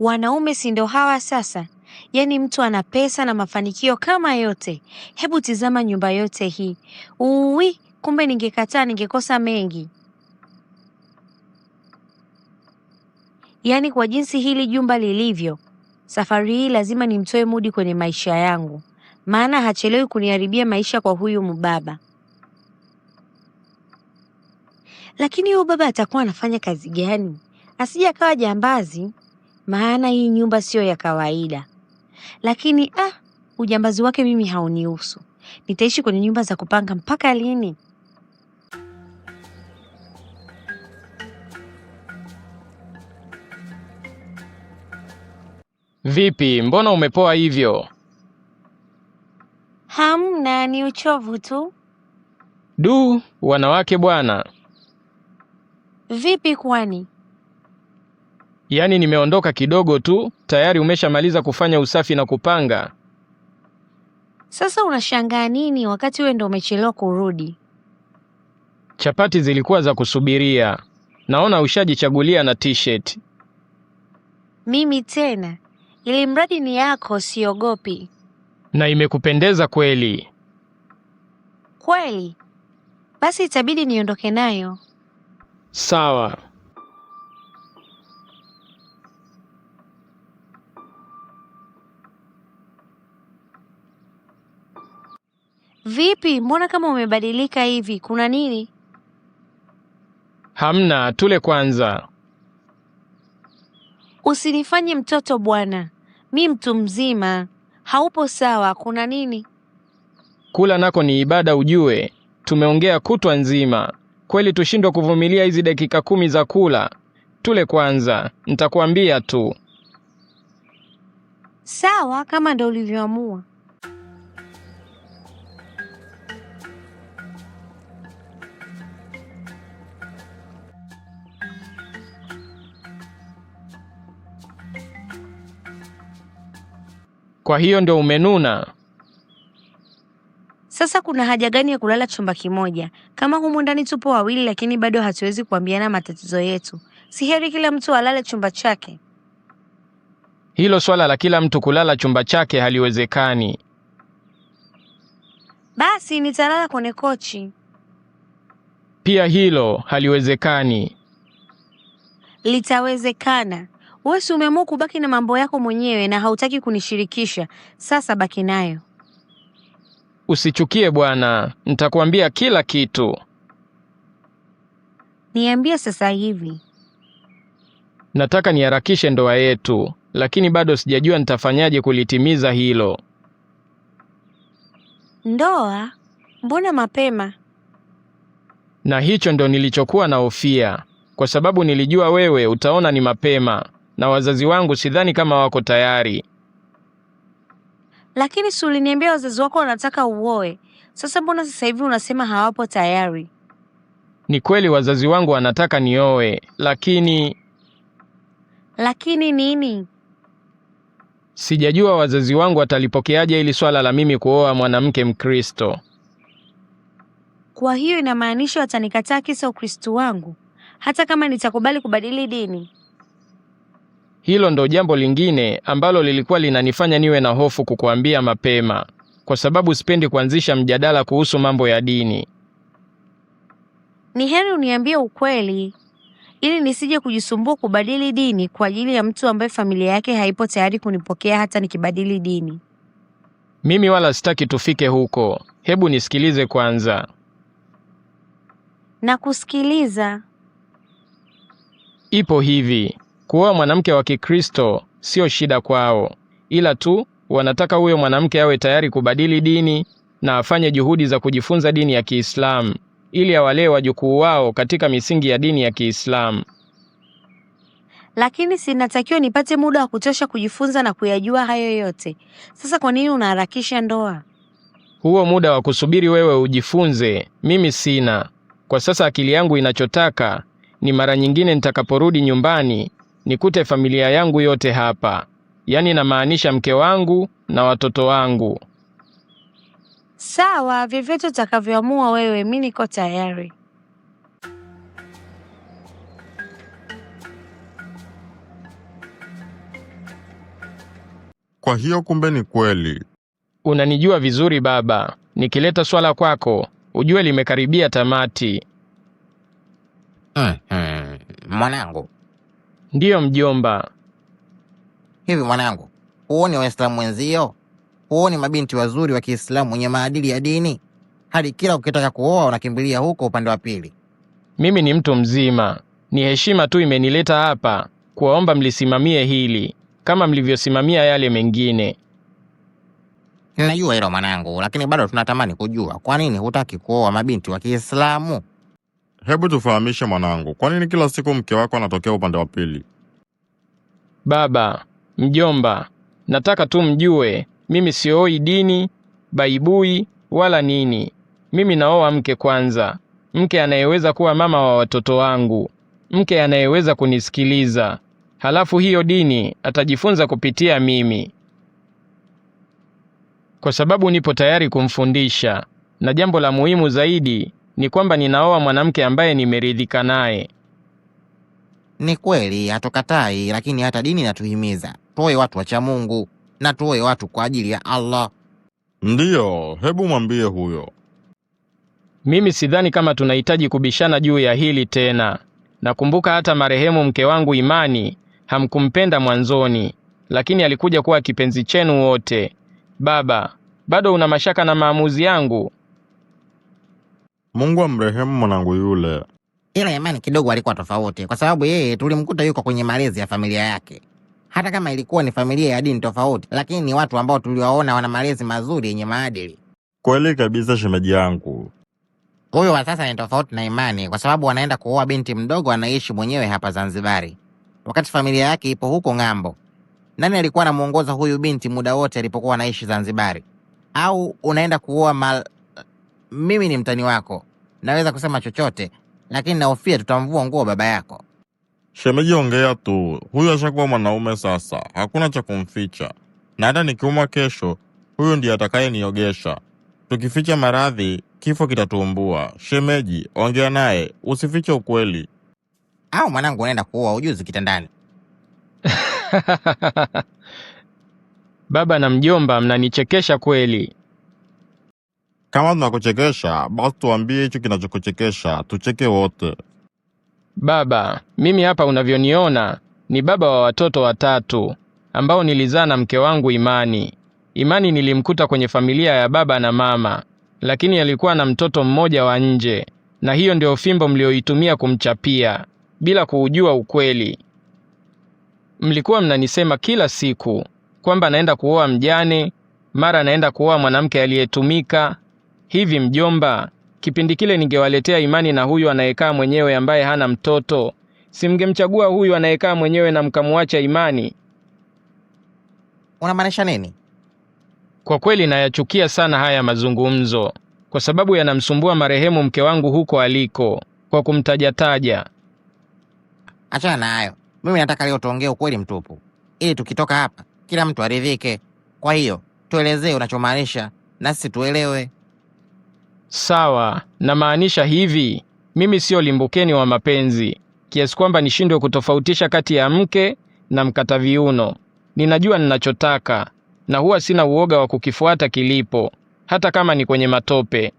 Wanaume si ndio hawa sasa? Yaani mtu ana pesa na mafanikio kama yote. Hebu tizama nyumba yote hii. Uwi, kumbe ningekataa ningekosa mengi. Yaani kwa jinsi hili jumba lilivyo, safari hii lazima nimtoe Mudi kwenye maisha yangu, maana hachelewi kuniharibia maisha kwa huyu mbaba. Lakini huyu baba atakuwa anafanya kazi gani? Asije akawa jambazi maana hii nyumba siyo ya kawaida. Lakini ah, ujambazi wake mimi haunihusu. Nitaishi kwenye nyumba za kupanga mpaka lini? Vipi, mbona umepoa hivyo? Hamna, ni uchovu tu. Du, wanawake bwana! Vipi kwani? Yaani nimeondoka kidogo tu, tayari umeshamaliza kufanya usafi na kupanga. Sasa unashangaa nini wakati wewe ndo umechelewa kurudi? Chapati zilikuwa za kusubiria. Naona ushajichagulia na t-shirt. Mimi tena, ili mradi ni yako, siogopi. Na imekupendeza kweli. Kweli? Basi itabidi niondoke nayo. Sawa. Vipi, mbona kama umebadilika hivi? Kuna nini? Hamna, tule kwanza. Usinifanye mtoto bwana, mi mtu mzima. Haupo sawa. Kuna nini? Kula nako ni ibada ujue. Tumeongea kutwa nzima, kweli tushindwa kuvumilia hizi dakika kumi za kula? Tule kwanza, nitakuambia tu. Sawa, kama ndo ulivyoamua. Kwa hiyo ndio umenuna. Sasa kuna haja gani ya kulala chumba kimoja kama humu ndani tupo wawili, lakini bado hatuwezi kuambiana matatizo yetu? Si heri kila mtu alale chumba chake. Hilo swala la kila mtu kulala chumba chake haliwezekani. Basi nitalala kwenye kochi. Pia hilo haliwezekani. Litawezekana. Wewe si umeamua kubaki na mambo yako mwenyewe na hautaki kunishirikisha. Sasa baki nayo. Usichukie bwana, nitakuambia kila kitu. Niambie sasa hivi. Nataka niharakishe ndoa yetu, lakini bado sijajua nitafanyaje kulitimiza hilo. Ndoa? Mbona mapema? Na hicho ndo nilichokuwa nahofia, kwa sababu nilijua wewe utaona ni mapema na wazazi wangu sidhani kama wako tayari. Lakini si uliniambia wazazi wako wanataka uoe? Sasa mbona sasa hivi unasema hawapo tayari? Ni kweli wazazi wangu wanataka nioe, lakini lakini nini? Sijajua wazazi wangu watalipokeaje ili swala la mimi kuoa mwanamke Mkristo. Kwa hiyo inamaanisha watanikataa kisa Ukristo wangu, hata kama nitakubali kubadili dini? Hilo ndo jambo lingine ambalo lilikuwa linanifanya niwe na hofu kukuambia mapema, kwa sababu sipendi kuanzisha mjadala kuhusu mambo ya dini. Ni heri uniambie ukweli ili nisije kujisumbua kubadili dini kwa ajili ya mtu ambaye familia yake haipo tayari kunipokea hata nikibadili dini. Mimi wala sitaki tufike huko, hebu nisikilize kwanza. Nakusikiliza. Ipo hivi, Kuoa mwanamke wa Kikristo sio shida kwao, ila tu wanataka huyo mwanamke awe tayari kubadili dini na afanye juhudi za kujifunza dini ya Kiislamu ili awalee wajukuu wao katika misingi ya dini ya Kiislamu. Lakini sinatakiwa nipate muda wa kutosha kujifunza na kuyajua hayo yote. Sasa kwa nini unaharakisha ndoa? Huo muda wa kusubiri wewe ujifunze, mimi sina. Kwa sasa akili yangu inachotaka ni mara nyingine nitakaporudi nyumbani nikute familia yangu yote hapa, yaani namaanisha mke wangu na watoto wangu. Sawa, vyovyote utakavyoamua wewe, mi niko tayari. Kwa hiyo kumbe ni kweli. Unanijua vizuri baba, nikileta swala kwako ujue limekaribia tamati. Hmm, hmm, mwanangu, Ndiyo mjomba. Hivi mwanangu, huoni Waislamu wenzio? Huoni mabinti wazuri wa Kiislamu wenye maadili ya dini? Hadi kila ukitaka kuoa unakimbilia huko upande wa pili. Mimi ni mtu mzima, ni heshima tu imenileta hapa kuwaomba mlisimamie hili kama mlivyosimamia yale mengine. Ninajua hilo mwanangu, lakini bado tunatamani kujua kwa nini hutaki kuoa mabinti wa Kiislamu? hebu tufahamishe mwanangu, kwa nini kila siku mke wako anatokea upande wa pili? Baba mjomba, nataka tu mjue mimi sioi dini baibui wala nini. Mimi naoa mke kwanza, mke anayeweza kuwa mama wa watoto wangu, mke anayeweza kunisikiliza. Halafu hiyo dini atajifunza kupitia mimi, kwa sababu nipo tayari kumfundisha, na jambo la muhimu zaidi ni kwamba ninaoa mwanamke ambaye nimeridhika naye. Ni kweli, hatukatai, lakini hata dini inatuhimiza tuoe watu wacha Mungu na tuoe watu kwa ajili ya Allah. Ndiyo, hebu mwambie huyo. Mimi sidhani kama tunahitaji kubishana juu ya hili tena. Nakumbuka hata marehemu mke wangu Imani hamkumpenda mwanzoni, lakini alikuja kuwa kipenzi chenu wote. Baba, bado una mashaka na maamuzi yangu? Mungu amrehemu mwanangu yule. Ila Imani kidogo alikuwa tofauti, kwa sababu yeye tulimkuta yuko kwenye malezi ya familia yake. Hata kama ilikuwa ni familia ya dini tofauti, lakini ni watu ambao tuliwaona wana malezi mazuri yenye maadili. Kweli kabisa, shemeji yangu. Huyo wa sasa ni tofauti na Imani kwa sababu wanaenda kuoa binti mdogo anaishi mwenyewe hapa Zanzibari, wakati familia yake ipo huko ng'ambo. Nani alikuwa anamuongoza huyu binti muda wote alipokuwa anaishi Zanzibari? Au unaenda kuoa mal mimi ni mtani wako, naweza kusema chochote, lakini nahofia tutamvua nguo baba yako. Shemeji, ongea tu, huyu ashakuwa mwanaume sasa, hakuna cha kumficha, na hata nikiumwa kesho, huyu ndiye atakayeniogesha. Tukificha maradhi, kifo kitatuumbua. Shemeji, ongea naye, usifiche ukweli. Au mwanangu unaenda kuoa ujuzi kitandani? Baba na mjomba, mnanichekesha kweli. Kama tunakuchekesha basi tuambie hicho kinachokuchekesha, tucheke wote. Baba, mimi hapa unavyoniona ni baba wa watoto watatu ambao nilizaa na mke wangu Imani. Imani nilimkuta kwenye familia ya baba na mama, lakini alikuwa na mtoto mmoja wa nje, na hiyo ndio fimbo mlioitumia kumchapia bila kuujua ukweli. Mlikuwa mnanisema kila siku kwamba naenda kuoa mjane, mara naenda kuoa mwanamke aliyetumika, Hivi mjomba, kipindi kile ningewaletea imani na huyu anayekaa mwenyewe ambaye hana mtoto, simngemchagua huyu anayekaa mwenyewe na mkamwacha imani. Unamaanisha nini? Kwa kweli nayachukia sana haya mazungumzo, kwa sababu yanamsumbua marehemu mke wangu huko aliko kwa kumtajataja. Achana na hayo, mimi nataka leo tuongee ukweli mtupu, ili tukitoka hapa kila mtu aridhike. Kwa hiyo tuelezee unachomaanisha, nasi tuelewe. Sawa, namaanisha hivi, mimi siyo limbukeni wa mapenzi kiasi kwamba nishindwe kutofautisha kati ya mke na mkata viuno. Ninajua ninachotaka na huwa sina uoga wa kukifuata kilipo, hata kama ni kwenye matope.